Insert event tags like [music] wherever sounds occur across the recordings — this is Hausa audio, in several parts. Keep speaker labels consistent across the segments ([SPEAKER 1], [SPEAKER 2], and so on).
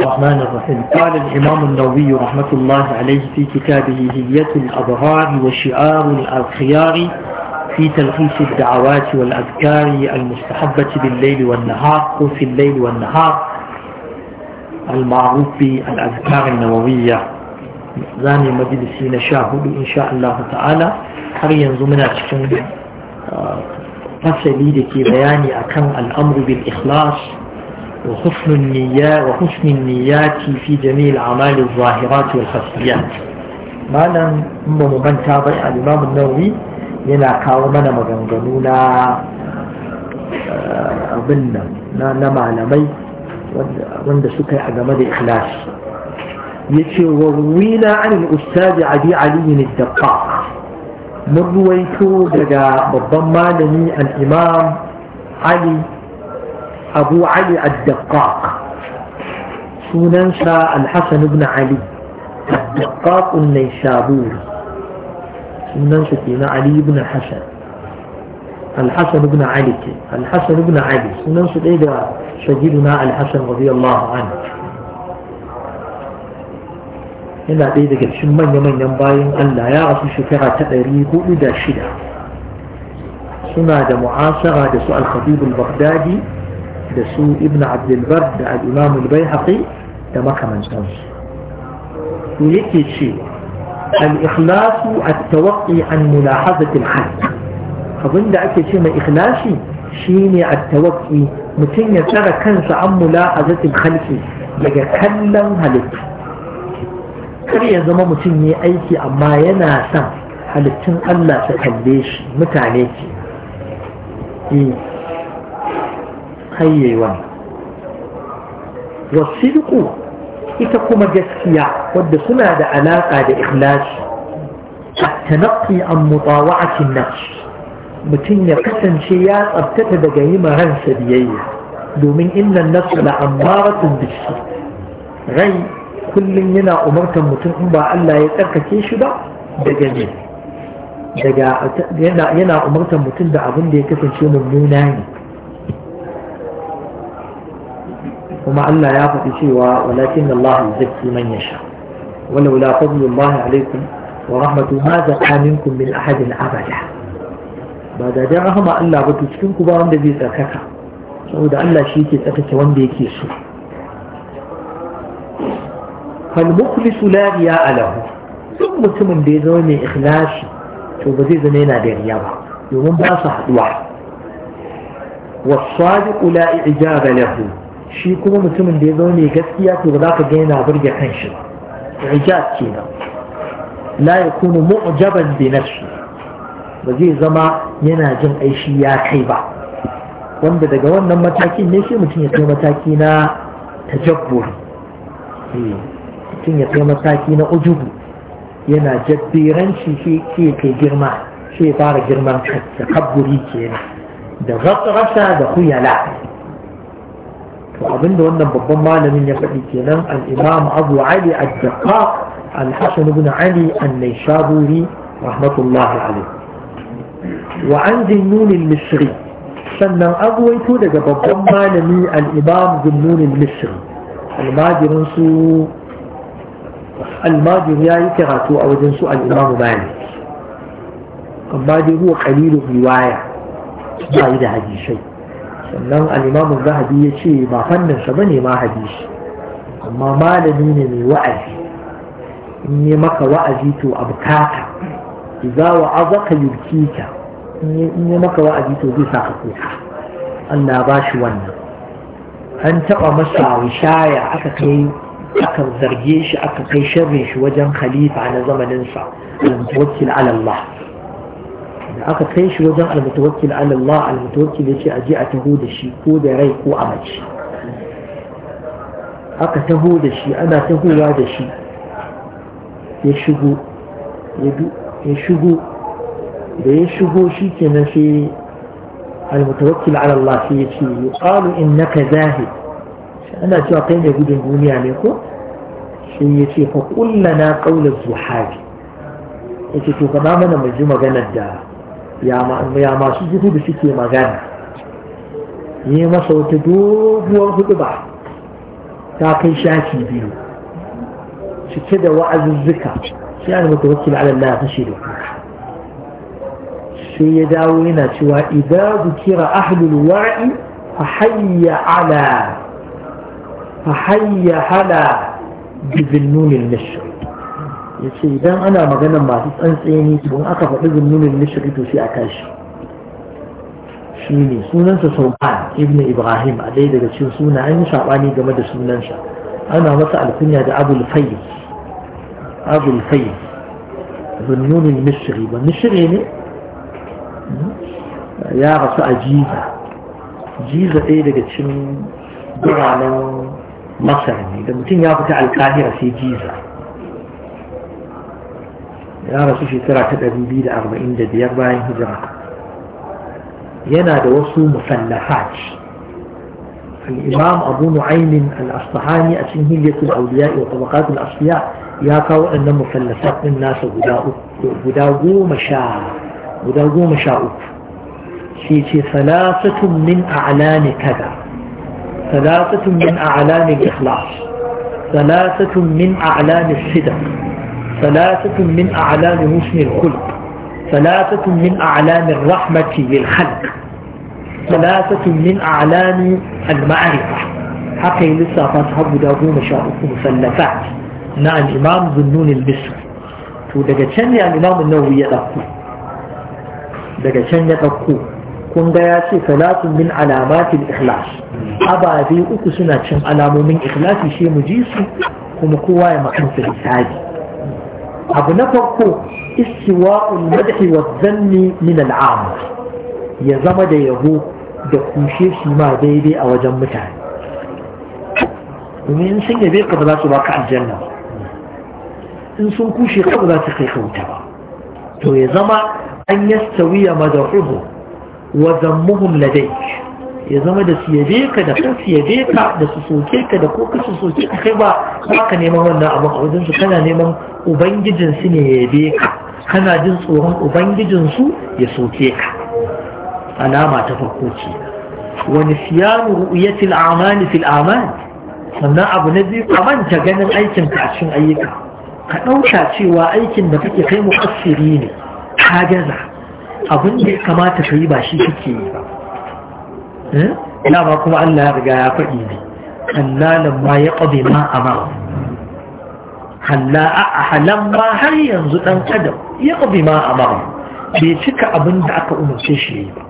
[SPEAKER 1] الرحمن الرحيم قال الإمام النووي رحمة الله عليه في كتابه هية الأبرار وشعار الخيار في تلخيص الدعوات والأذكار المستحبة بالليل والنهار في الليل والنهار المعروف بالأذكار النووية زاني مجلسي نشاهد إن شاء الله تعالى حريا زمنا تشكين آه، فسلي لكي بياني أكم الأمر بالإخلاص وحسن النية وحسن النيات في جميع الأعمال الظاهرات والخفيات ما لم أمم من تابع الإمام النووي ينا كاومنا مغنغنونا آه، أظن نما لمي وند سكي أجمد إخلاص يتي وروينا عن الأستاذ عدي علي الدقاق من رويته دقا بالضمانني الإمام علي أبو علي الدقاق سننسى الحسن بن علي الدقاق النيشابور سننسى كينا علي بن حسن الحسن بن علي الحسن بن علي سننسى إذا سيدنا الحسن رضي الله عنه yana ɗaya daga cikin manya-manyan bayan Allah ya rasu shekara ta ɗari hudu da shida suna da mu'asara da su al-khabib al-baghdadi دسو ابن عبد البر دا الإمام البيهقي تمك من سنس ويكي شيء الإخلاص التوقي عن ملاحظة الحق أظن دا أكي شيء ما إخلاصي شيني التوقي متين يترى كنس عن ملاحظة الخلق يتكلم هلت kar ya zama mutum ne aiki amma yana son halittun Allah su kayewa wa ita kuma gaskiya wadda suna da alaƙa da ikhlasi tanaqqi an mutawa'ati nafs mutum ya kasance ya tsabtata daga yi ransa biyayya domin inna nafs la ammaratun bisu rai kullum yana umartar mutum in ba Allah ya tsarkake shi ba daga ne yana umartar mutum da abin da ya kasance mummuna ne kuma Allah ya faɗi cewa walakin Allah manya man wala wula la fadlullah alaikum wa rahmatu ma zaqa minkum min ahadin abada ba da dan rahama Allah ba to cikin ku ba wanda zai tsarkaka saboda Allah shi yake tsarkake wanda yake so fal mukhlisu la riya lahu duk mutumin da ya zama mai ikhlasi to ba zai zama yana da riya ba domin ba su haɗuwa والصادق لا إعجاب له shi kuma mutumin da ya zo ne gaskiya to ba za ka gaina burge kan shi rijat kenan la yakunu mu'jaban bi nafsi ba zai zama yana jin aishi ya kai ba wanda daga wannan matakin ne shi mutum ya kai mataki na tajabbur eh, mutum ya kai mataki na ujubu yana jabbiranci shi ke kai girma shi ya fara girman kaburi kenan da rasa da kuyala abinda wannan babban malamin ya faɗi kenan al-imam abu ali ad-daqqaq al-hasan ibn ali an-naysaburi rahmatullahi alayhi wa an daga babban malami al-imam zinnun al-misri almajirin su karatu a wajen su al-imam amma dai huwa riwaya ba da hadisai sannan al'imamu zahabi ya ce ba fannin sa bane ma shi amma malami ne mai wa'azi in yi maka wa'azi to abkaka idza wa'azaka yubkika in yi maka wa'azi to zai saka kuka Allah ba shi wannan an taɓa masa wishaya aka kai aka zarge shi aka kai sharrin shi wajen khalifa na zamaninsa sa wakil Allah aka kai shi wajen almutawakkil ala Allah almutawakkil yace aje a taho da shi ko da rai ko a mace aka taho da shi ana tahowa da shi ya shigo ya shigo da ya shigo shi kenan sai almutawakkil ala Allah sai yace yuqalu innaka zahid ana cewa kai ne gudun duniya ne ko shi ya ce fa kullana qawla zuhabi yace to gaba mana mu ji maganar da يا ما يا ما شو يما صوت دوغوان خطبا تاكي شاكي بيو شكدا وعز الزكا شيانا يعني متوكل على الله فشيلو سيدا وينا شوا إذا ذكر أهل الوعي فحي على فحي على بذنون المشرق ya ce idan ana maganar masu tsantseni in aka faɗi zunnunin nishiri to sai a kashi. shi ne sunansa sauban ibn ibrahim a ɗaya daga cikin suna an yi saɓani game da sunansa ana masa alkunya da abul fayyid abul fayyid zunnunin nishiri ba nishiri ne ya rasu a jiza jiza ɗaya daga cikin biranen masar ne da mutum ya fita alkahira sai jiza يا رسول الله ترى ɗari biyu da arba'in da biyar bayan hijira yana da الإمام أبو نعيم الأصطحاني أسين هلية الأولياء وطبقات الأصفياء يا كاو أن من الناس بداغو مشاء بداغو مشاء في ثلاثة من أعلان كذا ثلاثة من أعلان الإخلاص ثلاثة من أعلان الصدق ثلاثة من أعلام ع ل ا حسن الخلق ث من أعلام الرحمة للخلق ثلاثة من أعلام المعرفة ل ا م ا ل م حقي لسا فاصحاب داوود مشاركه مسلفات ن ا ا ل إ م ا م ذ ولكن ا ل إ م ا م النووي يدقو ولكن يدقو كن دياسي ث من علامات الإخلاص ل إ خ ل ذي اوكسنا شم علامه من إخلاص خ مجيسي ا ص ي في الاسعاد abu na farko istiwa'ul madhi wa zanni min al'am ya zama da yabo da kushe shi ma daidai a wajen mutane domin sun yabe ka za su baka aljanna in sun kushe ka za su kai ka wuta ba to ya zama an yastawiya madahuhu wa zammuhum ladayk ya zama da su yabe ka da kan su yabe ka da su soke ka da ko ka su soke ka kai ba ka neman wannan abin a wajen su kana neman ubangijin su ne ya yabe ka kana jin tsoron ubangijin su ya soke ka alama ta farko ce wani siyanu ru'yatil amali fil amal sannan abu na biyu ka manta ganin aikin ka a cikin ayyuka ka ɗauka cewa aikin da kake kai muƙassiri ne ka gaza abin da ya kamata ka yi ba shi kake yi ba dama hmm? kuma Allah ya riga ya faɗi ne hallalan ma ya ƙabe ma a ma halan ma har yanzu ɗan adam ya ƙabe ma a ma bai cika abin da aka umarce shi yi ba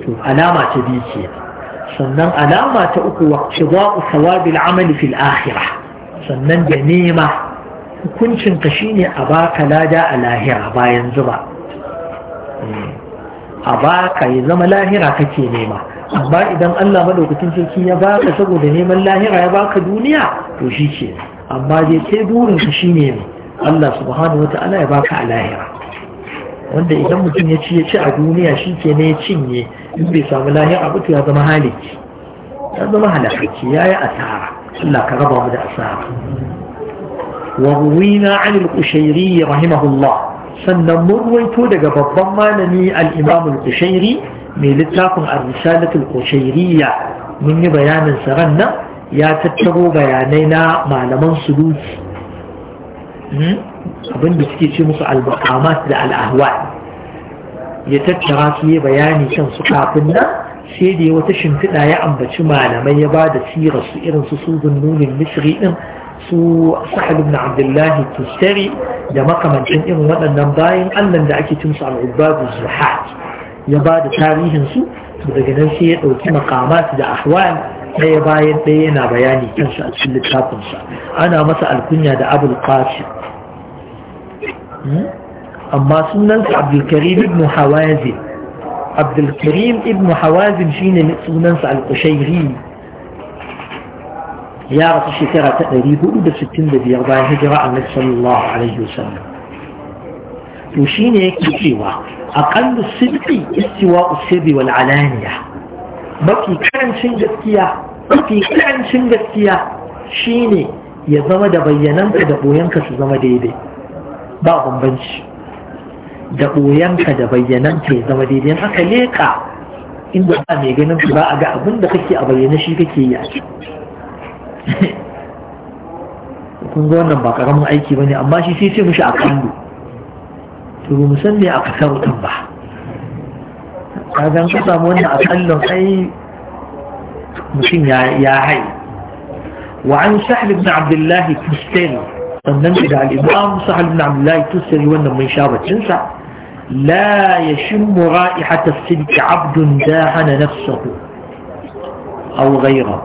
[SPEAKER 1] to alama ta biyu ke sannan alama ta uku wa shiga'u sawabil amali fil ahira sannan da nema hukuncin ka shine a baka lada a lahira bayan zuba hmm. a baka ya zama lahira kake nema amma idan Allah madaukakin sarki ya baka saboda neman lahira ya baka duniya to shi ke amma dai sai burin ka shine ne Allah subhanahu wata'ala ya baka a lahira wanda idan mutum ya ci ya ci a duniya shi ke ne ya cinye in bai samu lahira ba to ya zama haliki ya zama halakaci ya yi asara Allah ka raba mu da asara وروينا عن القشيري رحمه الله sannan mun ruwaito daga babban malami al kushairi mai littafin arisalatul kushairiya mun yi bayanin sa nan ya tattaro bayanai na malaman suluki hmm? abin da suke ce musu al-maqamat da al ya tattara su yi bayani kan su kafin nan sai da wata shimfiɗa ya ambaci malamai ya ba da sirar su irin su suzun nunin misri din su sahal ibn abdullah tustari da makaman din irin waɗannan bayan annan da ake cin su al'ubbadu zuhat ya ba da tarihin su daga nan sai ya ɗauki makamat da ahwal ɗaya bayan ɗaya yana bayani kan su a cikin littafin sa ana masa alkunya da abul qasim amma sunan sa sunansa karim ibn hawazin karim ibn hawazin shine sunan sa al qushayri ya rasu shekara ta 465 bayan hijira annabi sallallahu alaihi wasallam to shine yake cewa aqallu sidqi istiwa'u sirri wal alaniya mafi karancin gaskiya mafi karancin gaskiya shine ya zama da bayyananka da boyanka su zama daidai ba bambanci da boyanka da bayyananka ya zama daidai haka leka inda ba mai ganin ba a ga abin da kake a bayyane shi kake yi a [coughs] kun ga wannan ba karamin aiki bane amma shi sai ce mishi a kallo to ba san me aka sarutun ba kaga ka samu wannan a kallon ai mutum ya hai wa an sahal ibn abdullahi tustani sannan da al-imam sahal ibn abdullahi tustani wannan mun sha baccin sa لا يشم رائحة السلك عبد داهن نفسه أو غيره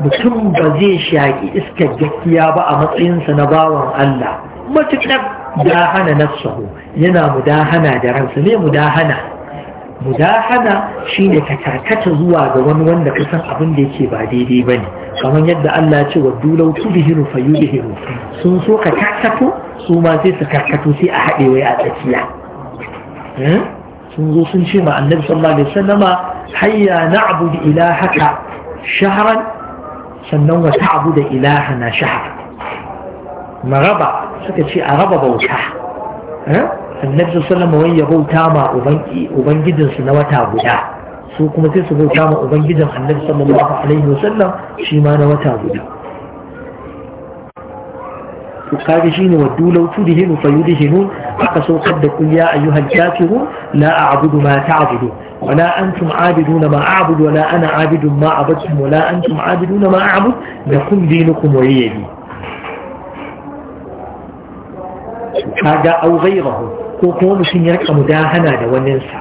[SPEAKER 1] mutum ba zai shaƙi iskar gaskiya ba a matsayinsa na bawan Allah matuƙar dahana nafsahu yana mudahana da ransa ne mudahana mudahana shine ka karkata zuwa ga wani wanda kusan abin da yake ba daidai ba ne kamar yadda Allah ya ce wa dulau tudhiru fayudhiru sun so ka karkato su ma sai su karkato sai a haɗe wai a tsakiya eh? sun zo sun ce ma annabi sallallahu alaihi wasallama hayya na'budu ilahaka shahran sannan wata abu da ilaha na shaha maraba suka ce a raba bauta eh? annabi sallama wai ya bauta ma ubangijinsu na wata guda su kuma sai su bauta ma ubangijin annabi sallallahu alaihi wasallam shi ma na wata guda to kaga shine wa dulau tudhinu fayudhinu aka saukar da kul ya ayyuhal la'a la a'budu ma ta abudu. wala antum abiduna ma a'bud wala ana abidun ma abadtum wala antum abiduna ma a'bud lakum dinukum waliya din kaga au ghayrahu ko kuma mutum ya rika mudahana da wannan sa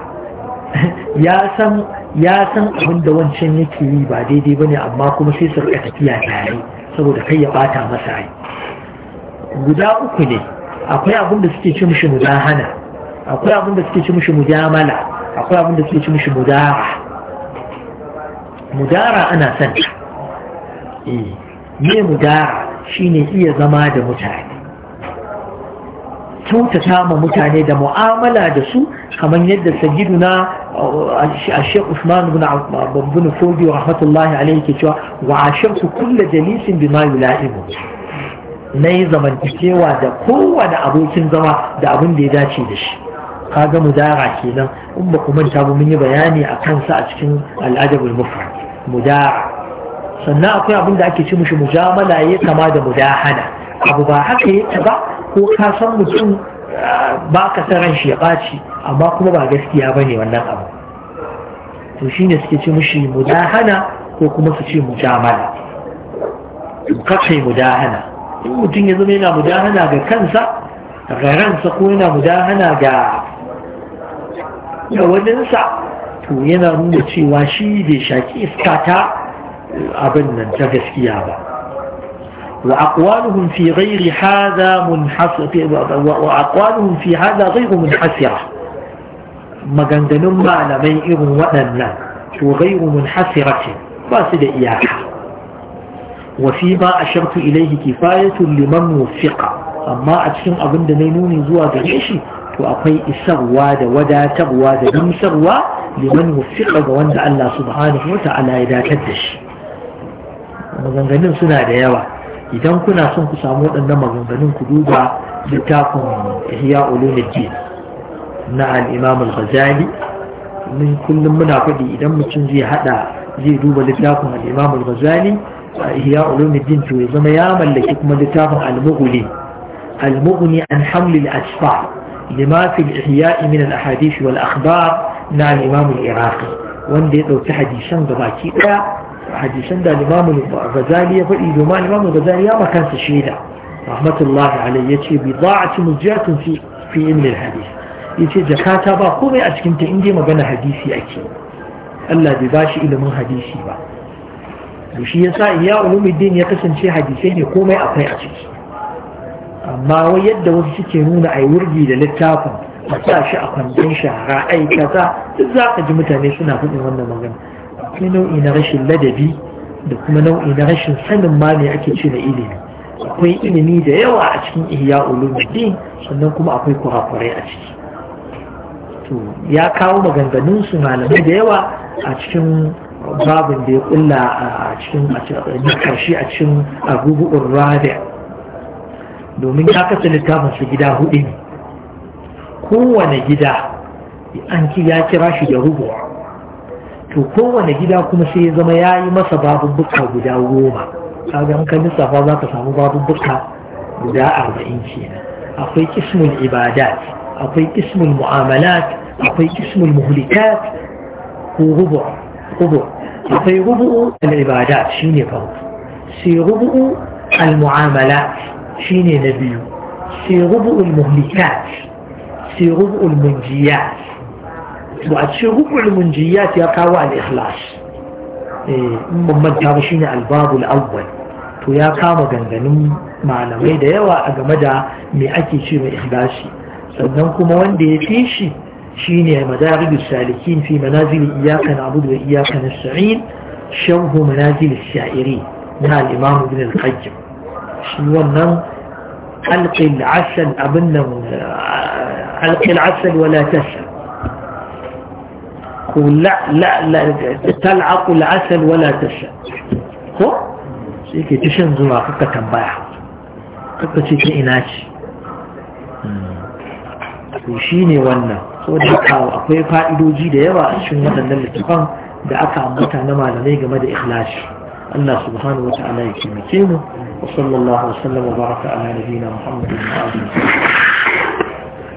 [SPEAKER 1] ya san ya wancan yake yi ba daidai ne amma kuma sai su rika tafiya tare saboda kai ya bata masa ai guda uku ne akwai abinda da suke ci mishi akwai suke ci mujamala akwai abin da ke ci mishi mudara mudara ana son eh me mudara shine iya zama da mutane kyautata ma mutane da mu'amala da su kamar yadda sajiduna a uh, uh, shek usman bin fodi wa rahmatullahi alaihi ke cewa wa ashirtu kulle jalisin bi ma yula'ibu na yi zamantakewa da kowane abokin zama da abin da ya dace da shi kaga mudara kenan in ba ku manta ba mun yi bayani a kansa a cikin al'adabul mufrad mudara sannan akwai abin da ake ce mushi mujamala ya kama da mudahana abu ba haka yake ba ko ka san mutum ah, ba ka san shi ya ɓaci amma kuma ba gaskiya ba ne wannan abu to shi ne suke ce mushi mudahana ko kuma su ce mujamala kakai mudahana in mutum ya zama yana mudahana ga kansa ga ransa ko yana mudahana ga da waninsa to yana nuna cewa shi bai shaki iska ta abin nan ta gaskiya ba wa aqwaluhum fi ghairi hadha munhasir wa aqwaluhum fi hadha ghairu munhasira maganganun malamai irin waɗannan to ghairu munhasira ce ba su da iyaka wa fi ma ashartu ilayhi kifayatun liman wufiqa amma a cikin abin da na nuni zuwa gare shi wato akwai isarwa da wadatarwa da gamsarwa liman wufiƙa ga wanda Allah subhanahu wa ta'ala ya datar da shi maganganun suna da yawa idan kuna son ku samu waɗannan maganganun ku duba littafin ihya ulumuddin na al-imam al-ghazali min kullum muna faɗi idan mutum zai hada zai duba littafin al-imam al-ghazali ihya to ya zama ya mallaki kuma littafin al-mughni al-mughni an haml asfar لما في الإحياء من الأحاديث والأخبار مع الإمام العراقي وندي لو تحديثاً بباكي حديثاً دا الإمام الغزالي يقول إيه دوما الإمام الغزالي ما كان تشهيدا رحمة الله عليه يتي بضاعة مزجاة في في علم الحديث يتي زكاة با قومي أسكنت عندي ما بنا حديثي أكي ألا بباشي bashi من حديثي با وشي shi yasa علوم الدين يقسم شي حديثين يقومي komai akwai amma wai yadda wasu suke nuna a wurgi da littafin a sa shi a kwandon shara ai kaza duk za ka ji mutane suna faɗin wannan magana akwai nau'i na rashin ladabi da kuma nau'i na rashin sanin ma ne ake ce na ilimi akwai ilimi da yawa a cikin ihya ulumuddin sannan kuma akwai kurakurai a ciki to ya kawo maganganun su malamai da yawa a cikin babin da ya kulla a cikin a cikin a cikin a cikin domin ya kasa littafin su gida hudu ne kowane gida an ki ya kira shi da rubuwa to kowane gida kuma sai ya zama ya yi masa babubbuka guda goma kaga an kan lissafa za ka samu babubbuka guda arba'in kenan akwai kismul ibadat akwai kismul mu'amalat akwai kismul muhlikat ko rubu rubu akwai rubu al-ibadat shine farko sai rubu al-mu'amalat shine na biyu sai muhlikat sai munjiyat to a munjiyat ya kawo al-ikhlas eh ba shine al-babul awwal to ya kama ganganin malamai da yawa a game da me ake ce mai ikhlasi sannan kuma wanda ya fi shi شين مدارج السالكين في منازل إياك نعبد وإياك نستعين sha'iri na السائرين نها الإمام ابن القيم shi wannan alƙil asal abin nan alƙil asal wala tasal ko tal'aƙul asal wala tasal ko sai ke tashin zuwa kaka tambaya kaka ce ta ina ce Ko hmm. shi ne wannan so da kawo akwai fa'idoji da yawa a cikin waɗannan littafan da aka ambata na malamai game da ikhlashi Allah subhanahu wa ta'ala ya taimake mu وصلى الله وسلم وبارك على نبينا محمد اله وصحبه